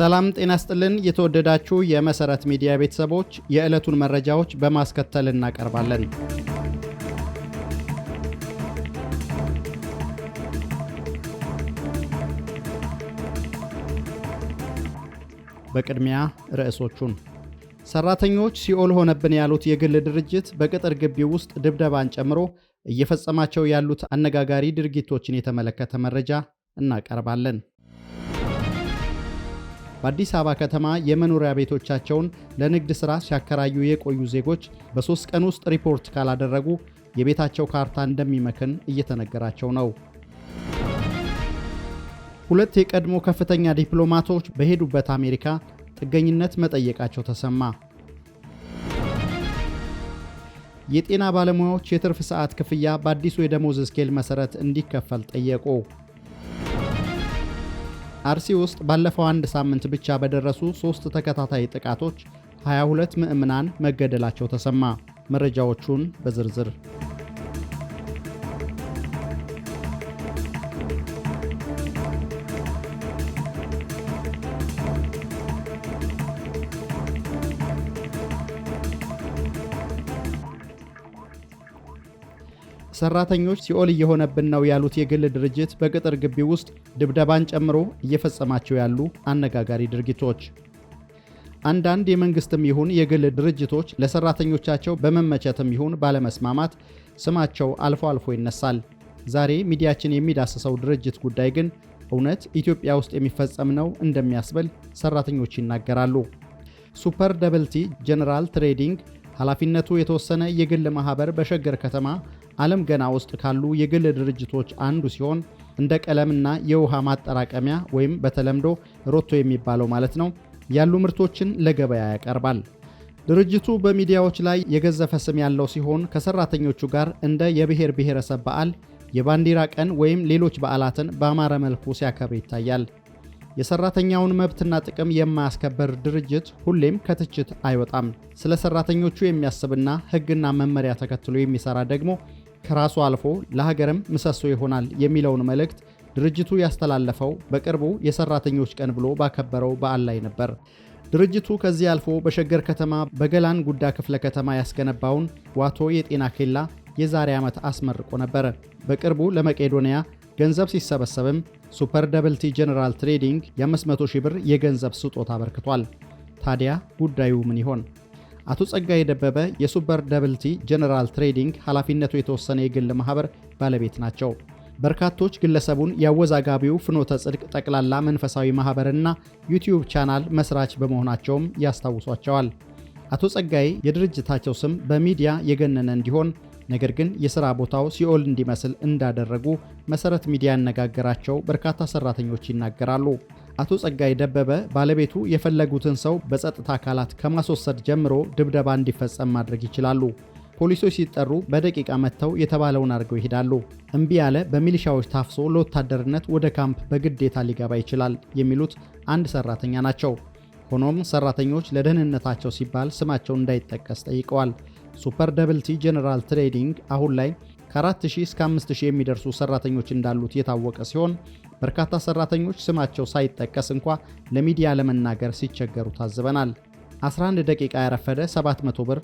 ሰላም ጤና ስጥልን። የተወደዳችሁ የመሰረት ሚዲያ ቤተሰቦች የዕለቱን መረጃዎች በማስከተል እናቀርባለን። በቅድሚያ ርዕሶቹን ሰራተኞች ሲኦል ሆነብን ያሉት የግል ድርጅት በቅጥር ግቢ ውስጥ ድብደባን ጨምሮ እየፈጸማቸው ያሉት አነጋጋሪ ድርጊቶችን የተመለከተ መረጃ እናቀርባለን። በአዲስ አበባ ከተማ የመኖሪያ ቤቶቻቸውን ለንግድ ሥራ ሲያከራዩ የቆዩ ዜጎች በሦስት ቀን ውስጥ ሪፖርት ካላደረጉ የቤታቸው ካርታ እንደሚመክን እየተነገራቸው ነው። ሁለት የቀድሞ ከፍተኛ ዲፕሎማቶች በሄዱበት አሜሪካ ጥገኝነት መጠየቃቸው ተሰማ። የጤና ባለሙያዎች የትርፍ ሰዓት ክፍያ በአዲሱ የደሞዝ ስኬል መሠረት እንዲከፈል ጠየቁ። አርሲ ውስጥ ባለፈው አንድ ሳምንት ብቻ በደረሱ ሶስት ተከታታይ ጥቃቶች 22 ምዕምናን መገደላቸው ተሰማ። መረጃዎቹን በዝርዝር ሰራተኞች ሲኦል እየሆነብን ነው ያሉት የግል ድርጅት በቅጥር ግቢ ውስጥ ድብደባን ጨምሮ እየፈጸማቸው ያሉ አነጋጋሪ ድርጊቶች። አንዳንድ የመንግስትም ይሁን የግል ድርጅቶች ለሰራተኞቻቸው በመመቸትም ይሁን ባለመስማማት ስማቸው አልፎ አልፎ ይነሳል። ዛሬ ሚዲያችን የሚዳስሰው ድርጅት ጉዳይ ግን እውነት ኢትዮጵያ ውስጥ የሚፈጸም ነው እንደሚያስብል ሰራተኞች ይናገራሉ። ሱፐር ደብልቲ ጄኔራል ትሬዲንግ ኃላፊነቱ የተወሰነ የግል ማህበር በሸገር ከተማ ዓለም ገና ውስጥ ካሉ የግል ድርጅቶች አንዱ ሲሆን እንደ ቀለምና የውሃ ማጠራቀሚያ ወይም በተለምዶ ሮቶ የሚባለው ማለት ነው ያሉ ምርቶችን ለገበያ ያቀርባል። ድርጅቱ በሚዲያዎች ላይ የገዘፈ ስም ያለው ሲሆን ከሰራተኞቹ ጋር እንደ የብሔር ብሔረሰብ በዓል፣ የባንዲራ ቀን ወይም ሌሎች በዓላትን በአማረ መልኩ ሲያከብር ይታያል። የሰራተኛውን መብትና ጥቅም የማያስከበር ድርጅት ሁሌም ከትችት አይወጣም። ስለ ሰራተኞቹ የሚያስብና ሕግና መመሪያ ተከትሎ የሚሰራ ደግሞ ከራሱ አልፎ ለሀገርም ምሰሶ ይሆናል የሚለውን መልእክት ድርጅቱ ያስተላለፈው በቅርቡ የሰራተኞች ቀን ብሎ ባከበረው በዓል ላይ ነበር። ድርጅቱ ከዚህ አልፎ በሸገር ከተማ በገላን ጉዳ ክፍለ ከተማ ያስገነባውን ዋቶ የጤና ኬላ የዛሬ ዓመት አስመርቆ ነበር። በቅርቡ ለመቄዶንያ ገንዘብ ሲሰበሰብም ሱፐር ደብልቲ ጀነራል ትሬዲንግ የ500 ሺህ ብር የገንዘብ ስጦታ አበርክቷል። ታዲያ ጉዳዩ ምን ይሆን? አቶ ጸጋይ ደበበ የሱፐር ደብልቲ ጀነራል ትሬዲንግ ኃላፊነቱ የተወሰነ የግል ማህበር ባለቤት ናቸው። በርካቶች ግለሰቡን የአወዛጋቢው ፍኖተ ጽድቅ ጠቅላላ መንፈሳዊ ማህበርና ዩቲዩብ ቻናል መስራች በመሆናቸውም ያስታውሷቸዋል። አቶ ጸጋይ የድርጅታቸው ስም በሚዲያ የገነነ እንዲሆን ነገር ግን የሥራ ቦታው ሲኦል እንዲመስል እንዳደረጉ መሠረት ሚዲያ ያነጋገራቸው በርካታ ሠራተኞች ይናገራሉ። አቶ ጸጋይ ደበበ ባለቤቱ የፈለጉትን ሰው በጸጥታ አካላት ከማስወሰድ ጀምሮ ድብደባ እንዲፈጸም ማድረግ ይችላሉ። ፖሊሶች ሲጠሩ በደቂቃ መጥተው የተባለውን አድርገው ይሄዳሉ። እምቢ ያለ በሚሊሻዎች ታፍሶ ለወታደርነት ወደ ካምፕ በግዴታ ሊገባ ይችላል የሚሉት አንድ ሰራተኛ ናቸው። ሆኖም ሰራተኞች ለደህንነታቸው ሲባል ስማቸው እንዳይጠቀስ ጠይቀዋል። ሱፐር ደብልቲ ጄኔራል ትሬዲንግ አሁን ላይ ከ4000 እስከ 5000 የሚደርሱ ሰራተኞች እንዳሉት የታወቀ ሲሆን በርካታ ሰራተኞች ስማቸው ሳይጠቀስ እንኳ ለሚዲያ ለመናገር ሲቸገሩ ታዝበናል። 11 ደቂቃ ያረፈደ 700 ብር፣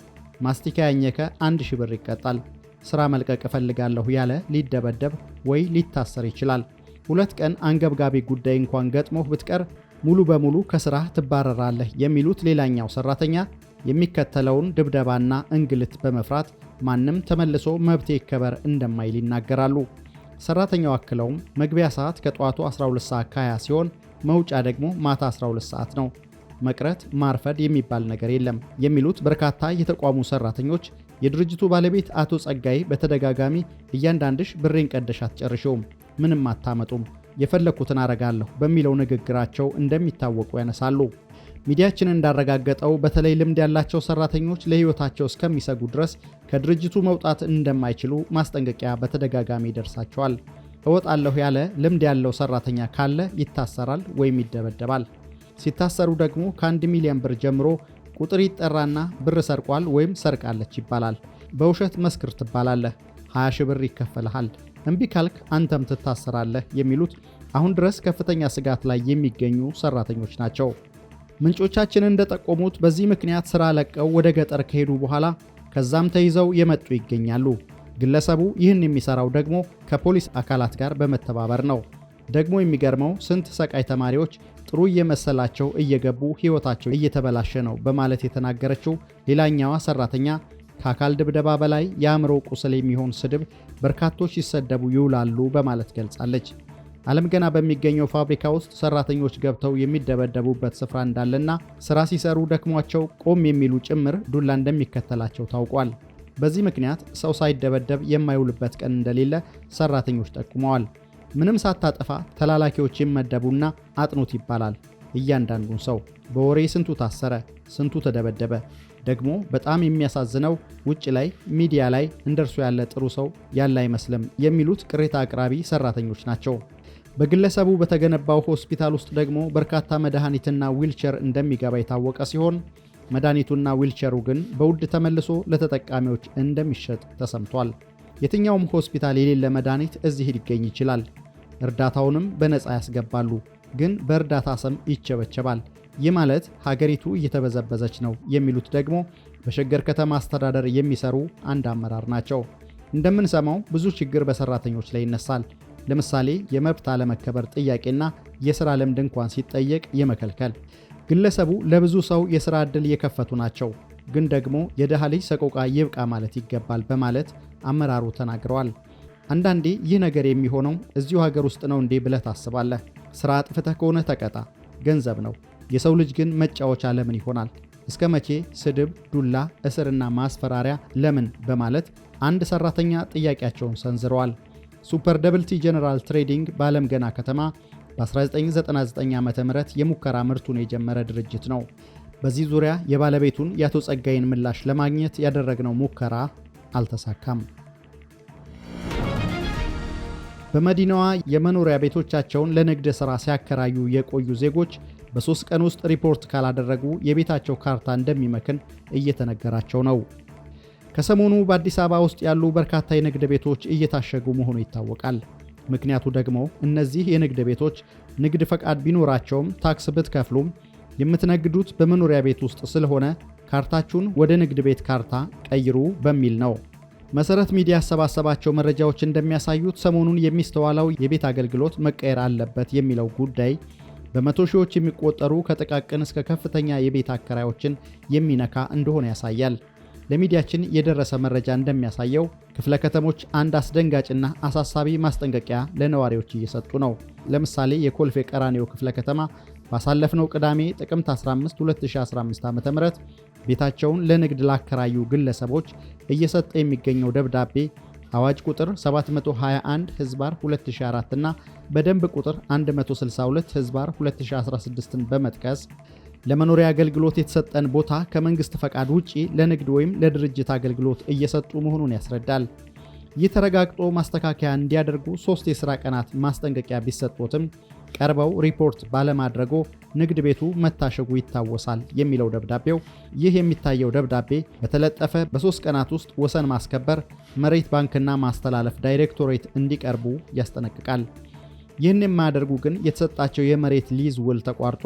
ማስቲካ ያኘከ 1000 ብር ይቀጣል። ስራ መልቀቅ እፈልጋለሁ ያለ ሊደበደብ ወይ ሊታሰር ይችላል። ሁለት ቀን አንገብጋቢ ጉዳይ እንኳን ገጥሞህ ብትቀር ሙሉ በሙሉ ከስራህ ትባረራለህ የሚሉት ሌላኛው ሰራተኛ የሚከተለውን ድብደባና እንግልት በመፍራት ማንም ተመልሶ መብቴ ይከበር እንደማይል ይናገራሉ። ሰራተኛው አክለውም መግቢያ ሰዓት ከጠዋቱ 12 ሰዓት ከ20 ሲሆን መውጫ ደግሞ ማታ 12 ሰዓት ነው። መቅረት ማርፈድ የሚባል ነገር የለም የሚሉት በርካታ የተቋሙ ሰራተኞች የድርጅቱ ባለቤት አቶ ጸጋይ በተደጋጋሚ እያንዳንድሽ ብሬን ቀደሽ አትጨርሽውም፣ ምንም አታመጡም፣ የፈለግኩትን አረጋለሁ በሚለው ንግግራቸው እንደሚታወቁ ያነሳሉ። ሚዲያችን እንዳረጋገጠው በተለይ ልምድ ያላቸው ሰራተኞች ለሕይወታቸው እስከሚሰጉ ድረስ ከድርጅቱ መውጣት እንደማይችሉ ማስጠንቀቂያ በተደጋጋሚ ይደርሳቸዋል። እወጣለሁ ያለ ልምድ ያለው ሰራተኛ ካለ ይታሰራል ወይም ይደበደባል። ሲታሰሩ ደግሞ ከአንድ ሚሊዮን ብር ጀምሮ ቁጥር ይጠራና ብር ሰርቋል ወይም ሰርቃለች ይባላል። በውሸት መስክር ትባላለህ፣ 20 ሺ ብር ይከፈልሃል፣ እምቢ ካልክ አንተም ትታሰራለህ የሚሉት አሁን ድረስ ከፍተኛ ስጋት ላይ የሚገኙ ሰራተኞች ናቸው። ምንጮቻችን እንደጠቆሙት በዚህ ምክንያት ሥራ ለቀው ወደ ገጠር ከሄዱ በኋላ ከዛም ተይዘው የመጡ ይገኛሉ። ግለሰቡ ይህን የሚሰራው ደግሞ ከፖሊስ አካላት ጋር በመተባበር ነው። ደግሞ የሚገርመው ስንት ሰቃይ ተማሪዎች ጥሩ እየመሰላቸው እየገቡ ሕይወታቸው እየተበላሸ ነው በማለት የተናገረችው ሌላኛዋ ሰራተኛ ከአካል ድብደባ በላይ የአእምሮ ቁስል የሚሆን ስድብ በርካቶች ሲሰደቡ ይውላሉ በማለት ገልጻለች። ዓለም ገና በሚገኘው ፋብሪካ ውስጥ ሰራተኞች ገብተው የሚደበደቡበት ስፍራ እንዳለና ስራ ሲሰሩ ደክሟቸው ቆም የሚሉ ጭምር ዱላ እንደሚከተላቸው ታውቋል። በዚህ ምክንያት ሰው ሳይደበደብ የማይውልበት ቀን እንደሌለ ሰራተኞች ጠቁመዋል። ምንም ሳታጠፋ ተላላኪዎች ይመደቡና አጥኑት ይባላል። እያንዳንዱን ሰው በወሬ ስንቱ ታሰረ፣ ስንቱ ተደበደበ። ደግሞ በጣም የሚያሳዝነው ውጭ ላይ ሚዲያ ላይ እንደርሱ ያለ ጥሩ ሰው ያለ አይመስልም የሚሉት ቅሬታ አቅራቢ ሰራተኞች ናቸው። በግለሰቡ በተገነባው ሆስፒታል ውስጥ ደግሞ በርካታ መድኃኒትና ዊልቸር እንደሚገባ የታወቀ ሲሆን መድኃኒቱና ዊልቸሩ ግን በውድ ተመልሶ ለተጠቃሚዎች እንደሚሸጥ ተሰምቷል። የትኛውም ሆስፒታል የሌለ መድኃኒት እዚህ ሊገኝ ይችላል። እርዳታውንም በነፃ ያስገባሉ፣ ግን በእርዳታ ስም ይቸበቸባል። ይህ ማለት ሀገሪቱ እየተበዘበዘች ነው የሚሉት ደግሞ በሸገር ከተማ አስተዳደር የሚሰሩ አንድ አመራር ናቸው። እንደምንሰማው ብዙ ችግር በሰራተኞች ላይ ይነሳል። ለምሳሌ የመብት አለመከበር ጥያቄና የሥራ ልምድ እንኳን ሲጠየቅ የመከልከል ግለሰቡ ለብዙ ሰው የሥራ ዕድል የከፈቱ ናቸው፣ ግን ደግሞ የድሃ ልጅ ሰቆቃ ይብቃ ማለት ይገባል በማለት አመራሩ ተናግረዋል። አንዳንዴ ይህ ነገር የሚሆነው እዚሁ ሀገር ውስጥ ነው እንዴ ብለህ ታስባለህ። ሥራ አጥፍተህ ከሆነ ተቀጣ፣ ገንዘብ ነው። የሰው ልጅ ግን መጫወቻ ለምን ይሆናል? እስከ መቼ ስድብ፣ ዱላ፣ እስርና ማስፈራሪያ ለምን? በማለት አንድ ሰራተኛ ጥያቄያቸውን ሰንዝረዋል። ሱፐር ደብልቲ ጀነራል ትሬዲንግ በዓለም ገና ከተማ በ1999 ዓ ም የሙከራ ምርቱን የጀመረ ድርጅት ነው። በዚህ ዙሪያ የባለቤቱን የአቶ ጸጋይን ምላሽ ለማግኘት ያደረግነው ሙከራ አልተሳካም። በመዲናዋ የመኖሪያ ቤቶቻቸውን ለንግድ ሥራ ሲያከራዩ የቆዩ ዜጎች በሦስት ቀን ውስጥ ሪፖርት ካላደረጉ የቤታቸው ካርታ እንደሚመክን እየተነገራቸው ነው። ከሰሞኑ በአዲስ አበባ ውስጥ ያሉ በርካታ የንግድ ቤቶች እየታሸጉ መሆኑ ይታወቃል። ምክንያቱ ደግሞ እነዚህ የንግድ ቤቶች ንግድ ፈቃድ ቢኖራቸውም ታክስ ብትከፍሉም የምትነግዱት በመኖሪያ ቤት ውስጥ ስለሆነ ካርታችሁን ወደ ንግድ ቤት ካርታ ቀይሩ በሚል ነው። መሰረት ሚዲያ ያሰባሰባቸው መረጃዎች እንደሚያሳዩት ሰሞኑን የሚስተዋለው የቤት አገልግሎት መቀየር አለበት የሚለው ጉዳይ በመቶ ሺዎች የሚቆጠሩ ከጥቃቅን እስከ ከፍተኛ የቤት አከራዮችን የሚነካ እንደሆነ ያሳያል። ለሚዲያችን የደረሰ መረጃ እንደሚያሳየው ክፍለ ከተሞች አንድ አስደንጋጭና አሳሳቢ ማስጠንቀቂያ ለነዋሪዎች እየሰጡ ነው። ለምሳሌ የኮልፌ ቀራኒዮ ክፍለ ከተማ ባሳለፍነው ቅዳሜ ጥቅምት 15 2015 ዓ ም ቤታቸውን ለንግድ ላከራዩ ግለሰቦች እየሰጠ የሚገኘው ደብዳቤ አዋጅ ቁጥር 721 ህዝባር 2004 እና በደንብ ቁጥር 162 ህዝባር 2016ን በመጥቀስ ለመኖሪያ አገልግሎት የተሰጠን ቦታ ከመንግስት ፈቃድ ውጪ ለንግድ ወይም ለድርጅት አገልግሎት እየሰጡ መሆኑን ያስረዳል። ይህ ተረጋግጦ ማስተካከያ እንዲያደርጉ ሶስት የሥራ ቀናት ማስጠንቀቂያ ቢሰጡትም ቀርበው ሪፖርት ባለማድረጎ ንግድ ቤቱ መታሸጉ ይታወሳል የሚለው ደብዳቤው፣ ይህ የሚታየው ደብዳቤ በተለጠፈ በሶስት ቀናት ውስጥ ወሰን ማስከበር፣ መሬት ባንክና ማስተላለፍ ዳይሬክቶሬት እንዲቀርቡ ያስጠነቅቃል። ይህን የማያደርጉ ግን የተሰጣቸው የመሬት ሊዝ ውል ተቋርጦ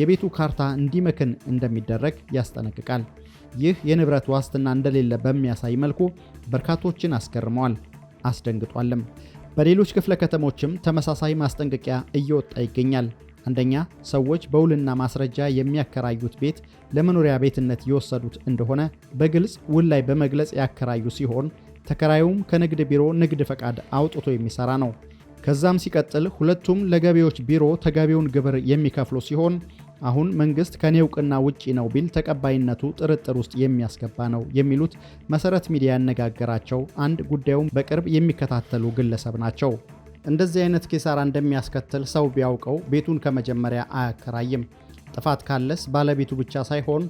የቤቱ ካርታ እንዲመክን እንደሚደረግ ያስጠነቅቃል። ይህ የንብረት ዋስትና እንደሌለ በሚያሳይ መልኩ በርካቶችን አስገርመዋል፣ አስደንግጧልም። በሌሎች ክፍለ ከተሞችም ተመሳሳይ ማስጠንቀቂያ እየወጣ ይገኛል። አንደኛ ሰዎች በውልና ማስረጃ የሚያከራዩት ቤት ለመኖሪያ ቤትነት የወሰዱት እንደሆነ በግልጽ ውል ላይ በመግለጽ ያከራዩ ሲሆን ተከራዩም ከንግድ ቢሮ ንግድ ፈቃድ አውጥቶ የሚሰራ ነው። ከዛም ሲቀጥል ሁለቱም ለገቢዎች ቢሮ ተገቢውን ግብር የሚከፍሉ ሲሆን አሁን መንግስት ከኔ እውቅና ውጪ ነው ቢል ተቀባይነቱ ጥርጥር ውስጥ የሚያስገባ ነው የሚሉት መሰረት ሚዲያ ያነጋገራቸው አንድ ጉዳዩን በቅርብ የሚከታተሉ ግለሰብ ናቸው። እንደዚህ አይነት ኪሳራ እንደሚያስከትል ሰው ቢያውቀው ቤቱን ከመጀመሪያ አያከራይም። ጥፋት ካለስ ባለቤቱ ብቻ ሳይሆን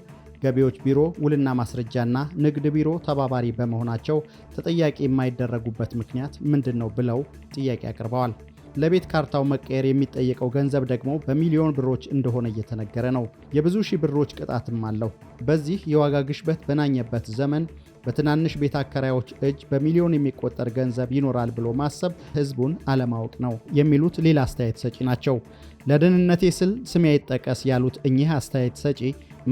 ገቢዎች ቢሮ፣ ውልና ማስረጃና ንግድ ቢሮ ተባባሪ በመሆናቸው ተጠያቂ የማይደረጉበት ምክንያት ምንድን ነው ብለው ጥያቄ አቅርበዋል። ለቤት ካርታው መቀየር የሚጠየቀው ገንዘብ ደግሞ በሚሊዮን ብሮች እንደሆነ እየተነገረ ነው። የብዙ ሺህ ብሮች ቅጣትም አለው። በዚህ የዋጋ ግሽበት በናኘበት ዘመን በትናንሽ ቤት አከራዮች እጅ በሚሊዮን የሚቆጠር ገንዘብ ይኖራል ብሎ ማሰብ ህዝቡን አለማወቅ ነው የሚሉት ሌላ አስተያየት ሰጪ ናቸው። ለደህንነቴ ስል ስሜ አይጠቀስ ያሉት እኚህ አስተያየት ሰጪ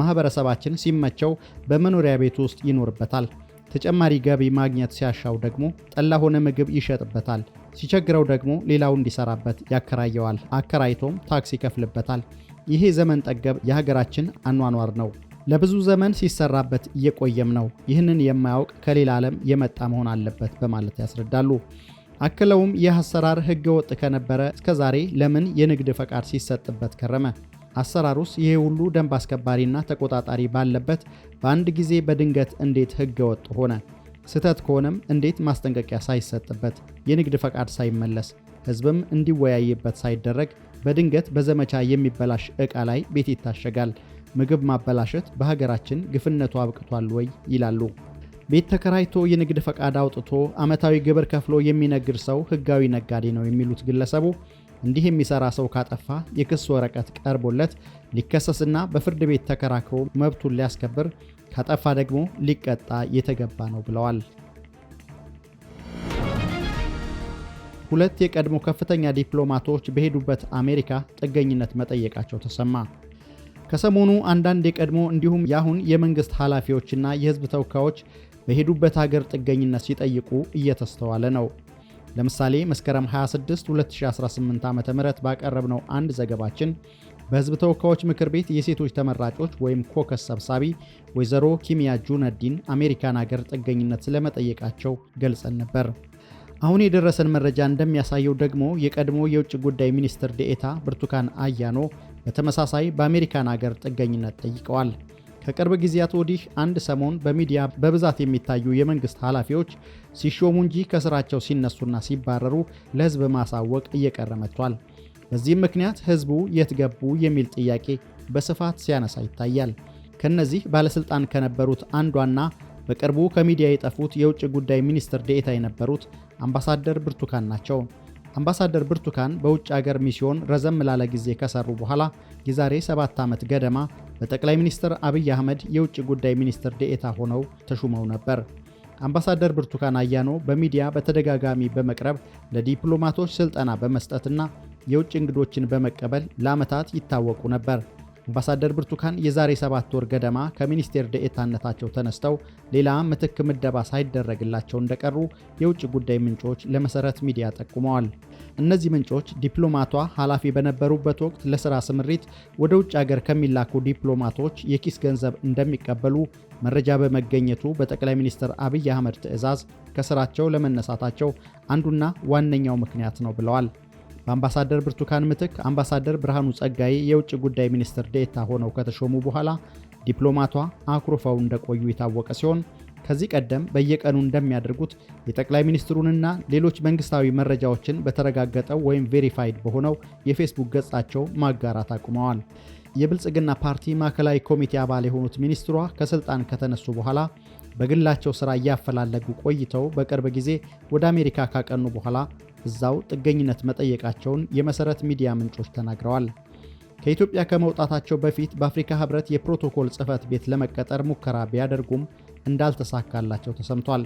ማህበረሰባችን ሲመቸው በመኖሪያ ቤት ውስጥ ይኖርበታል፣ ተጨማሪ ገቢ ማግኘት ሲያሻው ደግሞ ጠላ ሆነ ምግብ ይሸጥበታል። ሲቸግረው ደግሞ ሌላው እንዲሰራበት ያከራየዋል። አከራይቶም ታክስ ይከፍልበታል። ይሄ ዘመን ጠገብ የሀገራችን አኗኗር ነው። ለብዙ ዘመን ሲሰራበት እየቆየም ነው። ይህንን የማያውቅ ከሌላ ዓለም የመጣ መሆን አለበት በማለት ያስረዳሉ። አክለውም ይህ አሰራር ህገ ወጥ ከነበረ እስከዛሬ ለምን የንግድ ፈቃድ ሲሰጥበት ከረመ? አሰራሩስ ይሄ ሁሉ ደንብ አስከባሪና ተቆጣጣሪ ባለበት በአንድ ጊዜ በድንገት እንዴት ህገ ወጥ ሆነ? ስህተት ከሆነም እንዴት ማስጠንቀቂያ ሳይሰጥበት የንግድ ፈቃድ ሳይመለስ ህዝብም እንዲወያይበት ሳይደረግ በድንገት በዘመቻ የሚበላሽ ዕቃ ላይ ቤት ይታሸጋል። ምግብ ማበላሸት በሀገራችን ግፍነቱ አብቅቷል ወይ ይላሉ። ቤት ተከራይቶ የንግድ ፈቃድ አውጥቶ ዓመታዊ ግብር ከፍሎ የሚነግድ ሰው ህጋዊ ነጋዴ ነው የሚሉት ግለሰቡ እንዲህ የሚሰራ ሰው ካጠፋ የክስ ወረቀት ቀርቦለት ሊከሰስና በፍርድ ቤት ተከራክሮ መብቱን ሊያስከብር ከጠፋ ደግሞ ሊቀጣ የተገባ ነው ብለዋል። ሁለት የቀድሞ ከፍተኛ ዲፕሎማቶች በሄዱበት አሜሪካ ጥገኝነት መጠየቃቸው ተሰማ። ከሰሞኑ አንዳንድ የቀድሞ እንዲሁም የአሁን የመንግሥት ኃላፊዎችና የሕዝብ ተወካዮች በሄዱበት ሀገር ጥገኝነት ሲጠይቁ እየተስተዋለ ነው። ለምሳሌ መስከረም 26 2018 ዓ ም ባቀረብነው አንድ ዘገባችን በህዝብ ተወካዮች ምክር ቤት የሴቶች ተመራጮች ወይም ኮከስ ሰብሳቢ ወይዘሮ ኪሚያ ጁነዲን አሜሪካን ሀገር ጥገኝነት ስለመጠየቃቸው ገልጸን ነበር። አሁን የደረሰን መረጃ እንደሚያሳየው ደግሞ የቀድሞ የውጭ ጉዳይ ሚኒስትር ዴኤታ ብርቱካን አያኖ በተመሳሳይ በአሜሪካን አገር ጥገኝነት ጠይቀዋል። ከቅርብ ጊዜያት ወዲህ አንድ ሰሞን በሚዲያ በብዛት የሚታዩ የመንግስት ኃላፊዎች ሲሾሙ እንጂ ከስራቸው ሲነሱና ሲባረሩ ለህዝብ ማሳወቅ እየቀረ መጥቷል። በዚህም ምክንያት ህዝቡ የት ገቡ የሚል ጥያቄ በስፋት ሲያነሳ ይታያል። ከነዚህ ባለሥልጣን ከነበሩት አንዷና በቅርቡ ከሚዲያ የጠፉት የውጭ ጉዳይ ሚኒስትር ዴኤታ የነበሩት አምባሳደር ብርቱካን ናቸው። አምባሳደር ብርቱካን በውጭ አገር ሚስዮን ረዘም ላለ ጊዜ ከሰሩ በኋላ የዛሬ ሰባት ዓመት ገደማ በጠቅላይ ሚኒስትር አብይ አህመድ የውጭ ጉዳይ ሚኒስትር ዴኤታ ሆነው ተሹመው ነበር። አምባሳደር ብርቱካን አያኖ በሚዲያ በተደጋጋሚ በመቅረብ ለዲፕሎማቶች ስልጠና በመስጠትና የውጭ እንግዶችን በመቀበል ለዓመታት ይታወቁ ነበር። አምባሳደር ብርቱካን የዛሬ ሰባት ወር ገደማ ከሚኒስቴር ደኤታነታቸው ተነስተው ሌላ ምትክ ምደባ ሳይደረግላቸው እንደቀሩ የውጭ ጉዳይ ምንጮች ለመሰረት ሚዲያ ጠቁመዋል። እነዚህ ምንጮች ዲፕሎማቷ ኃላፊ በነበሩበት ወቅት ለስራ ስምሪት ወደ ውጭ አገር ከሚላኩ ዲፕሎማቶች የኪስ ገንዘብ እንደሚቀበሉ መረጃ በመገኘቱ በጠቅላይ ሚኒስትር አብይ አህመድ ትዕዛዝ ከስራቸው ለመነሳታቸው አንዱና ዋነኛው ምክንያት ነው ብለዋል። በአምባሳደር ብርቱካን ምትክ አምባሳደር ብርሃኑ ጸጋዬ የውጭ ጉዳይ ሚኒስትር ዴታ ሆነው ከተሾሙ በኋላ ዲፕሎማቷ አኩርፈው እንደቆዩ የታወቀ ሲሆን ከዚህ ቀደም በየቀኑ እንደሚያደርጉት የጠቅላይ ሚኒስትሩንና ሌሎች መንግስታዊ መረጃዎችን በተረጋገጠው ወይም ቬሪፋይድ በሆነው የፌስቡክ ገጻቸው ማጋራት አቁመዋል። የብልጽግና ፓርቲ ማዕከላዊ ኮሚቴ አባል የሆኑት ሚኒስትሯ ከስልጣን ከተነሱ በኋላ በግላቸው ስራ እያፈላለጉ ቆይተው በቅርብ ጊዜ ወደ አሜሪካ ካቀኑ በኋላ እዛው ጥገኝነት መጠየቃቸውን የመሰረት ሚዲያ ምንጮች ተናግረዋል። ከኢትዮጵያ ከመውጣታቸው በፊት በአፍሪካ ህብረት የፕሮቶኮል ጽህፈት ቤት ለመቀጠር ሙከራ ቢያደርጉም እንዳልተሳካላቸው ተሰምቷል።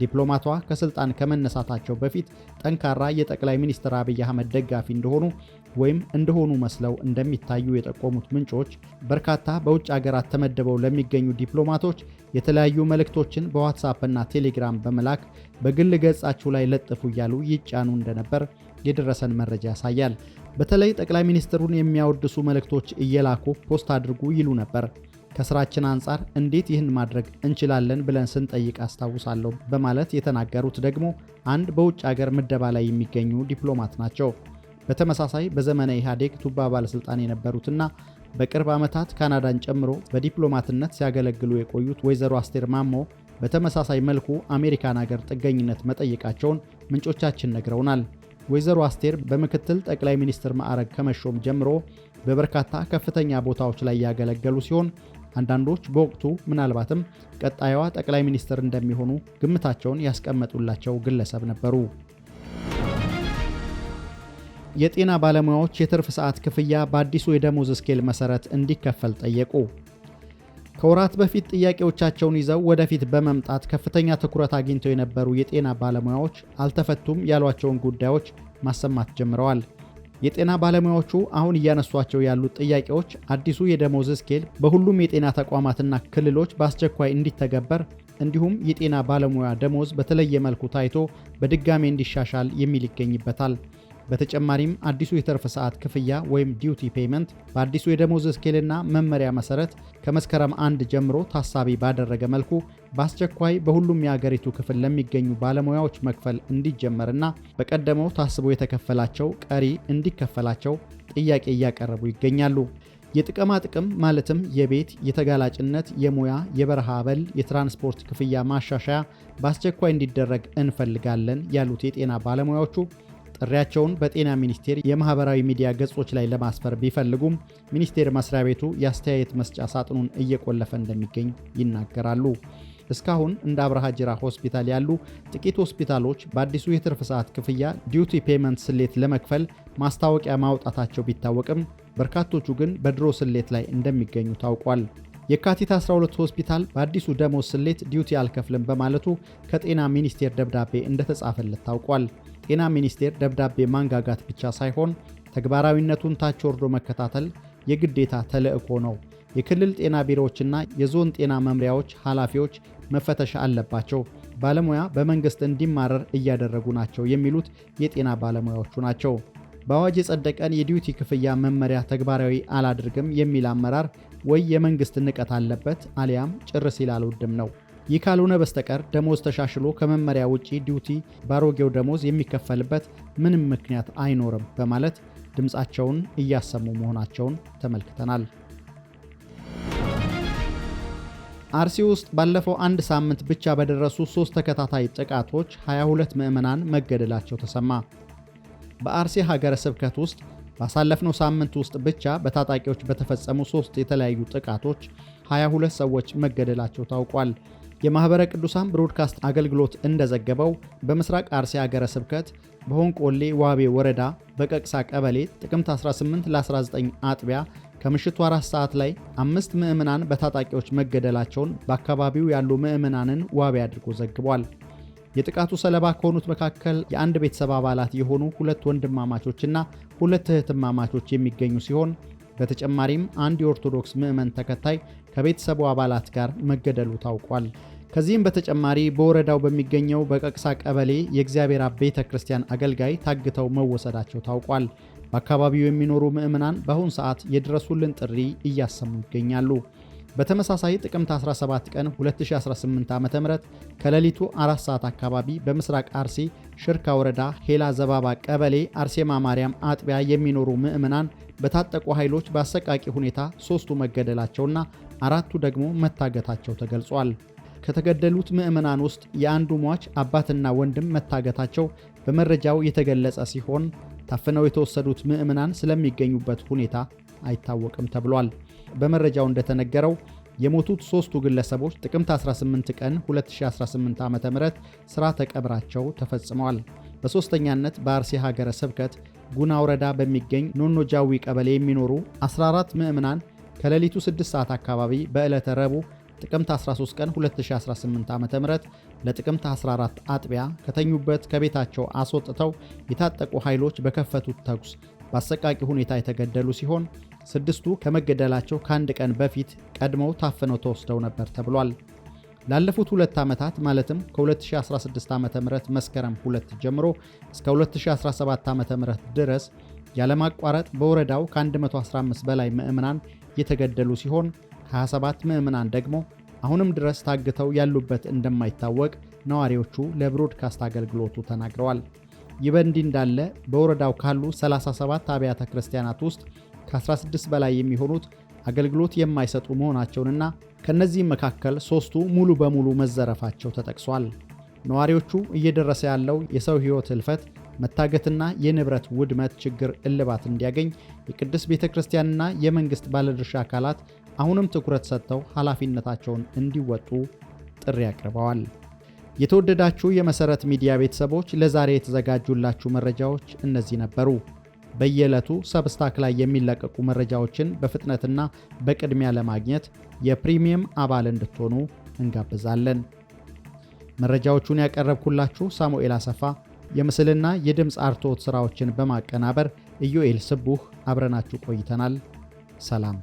ዲፕሎማቷ ከስልጣን ከመነሳታቸው በፊት ጠንካራ የጠቅላይ ሚኒስትር አብይ አህመድ ደጋፊ እንደሆኑ ወይም እንደሆኑ መስለው እንደሚታዩ የጠቆሙት ምንጮች በርካታ በውጭ አገራት ተመድበው ለሚገኙ ዲፕሎማቶች የተለያዩ መልእክቶችን በዋትሳፕና ቴሌግራም በመላክ በግል ገጻችሁ ላይ ለጥፉ እያሉ ይጫኑ እንደነበር የደረሰን መረጃ ያሳያል። በተለይ ጠቅላይ ሚኒስትሩን የሚያወድሱ መልእክቶች እየላኩ ፖስት አድርጉ ይሉ ነበር። ከስራችን አንጻር እንዴት ይህን ማድረግ እንችላለን ብለን ስንጠይቅ አስታውሳለሁ በማለት የተናገሩት ደግሞ አንድ በውጭ አገር ምደባ ላይ የሚገኙ ዲፕሎማት ናቸው። በተመሳሳይ በዘመነ ኢህአዴግ ቱባ ባለሥልጣን የነበሩትና በቅርብ ዓመታት ካናዳን ጨምሮ በዲፕሎማትነት ሲያገለግሉ የቆዩት ወይዘሮ አስቴር ማሞ በተመሳሳይ መልኩ አሜሪካን አገር ጥገኝነት መጠየቃቸውን ምንጮቻችን ነግረውናል። ወይዘሮ አስቴር በምክትል ጠቅላይ ሚኒስትር ማዕረግ ከመሾም ጀምሮ በበርካታ ከፍተኛ ቦታዎች ላይ ያገለገሉ ሲሆን አንዳንዶች በወቅቱ ምናልባትም ቀጣዩዋ ጠቅላይ ሚኒስትር እንደሚሆኑ ግምታቸውን ያስቀመጡላቸው ግለሰብ ነበሩ። የጤና ባለሙያዎች የትርፍ ሰዓት ክፍያ በአዲሱ የደሞዝ ስኬል መሰረት እንዲከፈል ጠየቁ። ከወራት በፊት ጥያቄዎቻቸውን ይዘው ወደፊት በመምጣት ከፍተኛ ትኩረት አግኝተው የነበሩ የጤና ባለሙያዎች አልተፈቱም ያሏቸውን ጉዳዮች ማሰማት ጀምረዋል። የጤና ባለሙያዎቹ አሁን እያነሷቸው ያሉት ጥያቄዎች አዲሱ የደሞዝ ስኬል በሁሉም የጤና ተቋማትና ክልሎች በአስቸኳይ እንዲተገበር እንዲሁም የጤና ባለሙያ ደሞዝ በተለየ መልኩ ታይቶ በድጋሜ እንዲሻሻል የሚል ይገኝበታል። በተጨማሪም አዲሱ የተርፍ ሰዓት ክፍያ ወይም ዲዩቲ ፔይመንት በአዲሱ የደሞዝ ስኬልና መመሪያ መሰረት ከመስከረም አንድ ጀምሮ ታሳቢ ባደረገ መልኩ በአስቸኳይ በሁሉም የአገሪቱ ክፍል ለሚገኙ ባለሙያዎች መክፈል እንዲጀመርና በቀደመው ታስቦ የተከፈላቸው ቀሪ እንዲከፈላቸው ጥያቄ እያቀረቡ ይገኛሉ። የጥቅማ ጥቅም ማለትም የቤት፣ የተጋላጭነት፣ የሙያ፣ የበረሃ አበል፣ የትራንስፖርት ክፍያ ማሻሻያ በአስቸኳይ እንዲደረግ እንፈልጋለን ያሉት የጤና ባለሙያዎቹ ጥሪያቸውን በጤና ሚኒስቴር የማህበራዊ ሚዲያ ገጾች ላይ ለማስፈር ቢፈልጉም ሚኒስቴር መስሪያ ቤቱ የአስተያየት መስጫ ሳጥኑን እየቆለፈ እንደሚገኝ ይናገራሉ። እስካሁን እንደ አብርሃ ጅራ ሆስፒታል ያሉ ጥቂት ሆስፒታሎች በአዲሱ የትርፍ ሰዓት ክፍያ ዲዩቲ ፔመንት ስሌት ለመክፈል ማስታወቂያ ማውጣታቸው ቢታወቅም በርካቶቹ ግን በድሮ ስሌት ላይ እንደሚገኙ ታውቋል። የካቲት 12 ሆስፒታል በአዲሱ ደሞዝ ስሌት ዲዩቲ አልከፍልም በማለቱ ከጤና ሚኒስቴር ደብዳቤ እንደተጻፈለት ታውቋል። ጤና ሚኒስቴር ደብዳቤ ማንጋጋት ብቻ ሳይሆን ተግባራዊነቱን ታች ወርዶ መከታተል የግዴታ ተልዕኮ ነው። የክልል ጤና ቢሮዎችና የዞን ጤና መምሪያዎች ኃላፊዎች መፈተሽ አለባቸው። ባለሙያ በመንግሥት እንዲማረር እያደረጉ ናቸው የሚሉት የጤና ባለሙያዎቹ ናቸው። በአዋጅ የጸደቀን የዲዩቲ ክፍያ መመሪያ ተግባራዊ አላድርግም የሚል አመራር ወይ የመንግሥት ንቀት አለበት አሊያም ጭር ሲል አልወድም ነው። ይህ ካልሆነ በስተቀር ደሞዝ ተሻሽሎ ከመመሪያ ውጪ ዲዩቲ ባሮጌው ደሞዝ የሚከፈልበት ምንም ምክንያት አይኖርም በማለት ድምፃቸውን እያሰሙ መሆናቸውን ተመልክተናል። አርሲ ውስጥ ባለፈው አንድ ሳምንት ብቻ በደረሱ ሶስት ተከታታይ ጥቃቶች 22 ምዕመናን መገደላቸው ተሰማ። በአርሲ ሀገረ ስብከት ውስጥ ባሳለፍነው ሳምንት ውስጥ ብቻ በታጣቂዎች በተፈጸሙ ሶስት የተለያዩ ጥቃቶች 22 ሰዎች መገደላቸው ታውቋል። የማኅበረ ቅዱሳን ብሮድካስት አገልግሎት እንደዘገበው በምስራቅ አርሲ አገረ ስብከት በሆንቆሌ ዋቤ ወረዳ በቀቅሳ ቀበሌ ጥቅምት 18 ለ19 አጥቢያ ከምሽቱ አራት ሰዓት ላይ አምስት ምዕምናን በታጣቂዎች መገደላቸውን በአካባቢው ያሉ ምዕምናንን ዋቢ አድርጎ ዘግቧል። የጥቃቱ ሰለባ ከሆኑት መካከል የአንድ ቤተሰብ አባላት የሆኑ ሁለት ወንድማማቾችና ሁለት እህትማማቾች የሚገኙ ሲሆን በተጨማሪም አንድ የኦርቶዶክስ ምዕመን ተከታይ ከቤተሰቡ አባላት ጋር መገደሉ ታውቋል። ከዚህም በተጨማሪ በወረዳው በሚገኘው በቀቅሳ ቀበሌ የእግዚአብሔር አብ ቤተ ክርስቲያን አገልጋይ ታግተው መወሰዳቸው ታውቋል። በአካባቢው የሚኖሩ ምዕምናን በአሁኑ ሰዓት የድረሱልን ጥሪ እያሰሙ ይገኛሉ። በተመሳሳይ ጥቅምት 17 ቀን 2018 ዓ.ም ከሌሊቱ 4 ሰዓት አካባቢ በምስራቅ አርሲ ሽርካ ወረዳ ሄላ ዘባባ ቀበሌ አርሴማ ማርያም አጥቢያ የሚኖሩ ምዕምናን በታጠቁ ኃይሎች በአሰቃቂ ሁኔታ ሦስቱ መገደላቸውና አራቱ ደግሞ መታገታቸው ተገልጿል። ከተገደሉት ምዕመናን ውስጥ የአንዱ ሟች አባትና ወንድም መታገታቸው በመረጃው የተገለጸ ሲሆን ታፍነው የተወሰዱት ምዕመናን ስለሚገኙበት ሁኔታ አይታወቅም ተብሏል። በመረጃው እንደተነገረው የሞቱት ሦስቱ ግለሰቦች ጥቅምት 18 ቀን 2018 ዓ ም ሥርዓተ ቀብራቸው ተፈጽመዋል። በሦስተኛነት በአርሲ ሀገረ ስብከት ጉና ወረዳ በሚገኝ ኖኖጃዊ ቀበሌ የሚኖሩ 14 ምዕምናን ከሌሊቱ 6 ሰዓት አካባቢ በዕለተ ረቡዕ ጥቅምት 13 ቀን 2018 ዓ ም ለጥቅምት 14 አጥቢያ ከተኙበት ከቤታቸው አስወጥተው የታጠቁ ኃይሎች በከፈቱት ተኩስ በአሰቃቂ ሁኔታ የተገደሉ ሲሆን ስድስቱ ከመገደላቸው ከአንድ ቀን በፊት ቀድመው ታፍነው ተወስደው ነበር ተብሏል። ላለፉት ሁለት ዓመታት ማለትም ከ2016 ዓ ም መስከረም 2 ጀምሮ እስከ 2017 ዓ ም ድረስ ያለማቋረጥ በወረዳው ከ115 በላይ ምዕምናን የተገደሉ ሲሆን 27 ምዕመናን ደግሞ አሁንም ድረስ ታግተው ያሉበት እንደማይታወቅ ነዋሪዎቹ ለብሮድካስት አገልግሎቱ ተናግረዋል። ይህ በእንዲህ እንዳለ በወረዳው ካሉ 37 አብያተ ክርስቲያናት ውስጥ ከ16 በላይ የሚሆኑት አገልግሎት የማይሰጡ መሆናቸውንና ከእነዚህም መካከል ሦስቱ ሙሉ በሙሉ መዘረፋቸው ተጠቅሷል። ነዋሪዎቹ እየደረሰ ያለው የሰው ሕይወት ህልፈት፣ መታገትና የንብረት ውድመት ችግር እልባት እንዲያገኝ የቅድስት ቤተ ክርስቲያንና የመንግሥት ባለድርሻ አካላት አሁንም ትኩረት ሰጥተው ኃላፊነታቸውን እንዲወጡ ጥሪ አቅርበዋል። የተወደዳችሁ የመሰረት ሚዲያ ቤተሰቦች ለዛሬ የተዘጋጁላችሁ መረጃዎች እነዚህ ነበሩ። በየዕለቱ ሰብስታክ ላይ የሚለቀቁ መረጃዎችን በፍጥነትና በቅድሚያ ለማግኘት የፕሪሚየም አባል እንድትሆኑ እንጋብዛለን። መረጃዎቹን ያቀረብኩላችሁ ሳሙኤል አሰፋ፣ የምስልና የድምፅ አርትዖት ሥራዎችን በማቀናበር ኢዮኤል ስቡህ፣ አብረናችሁ ቆይተናል። ሰላም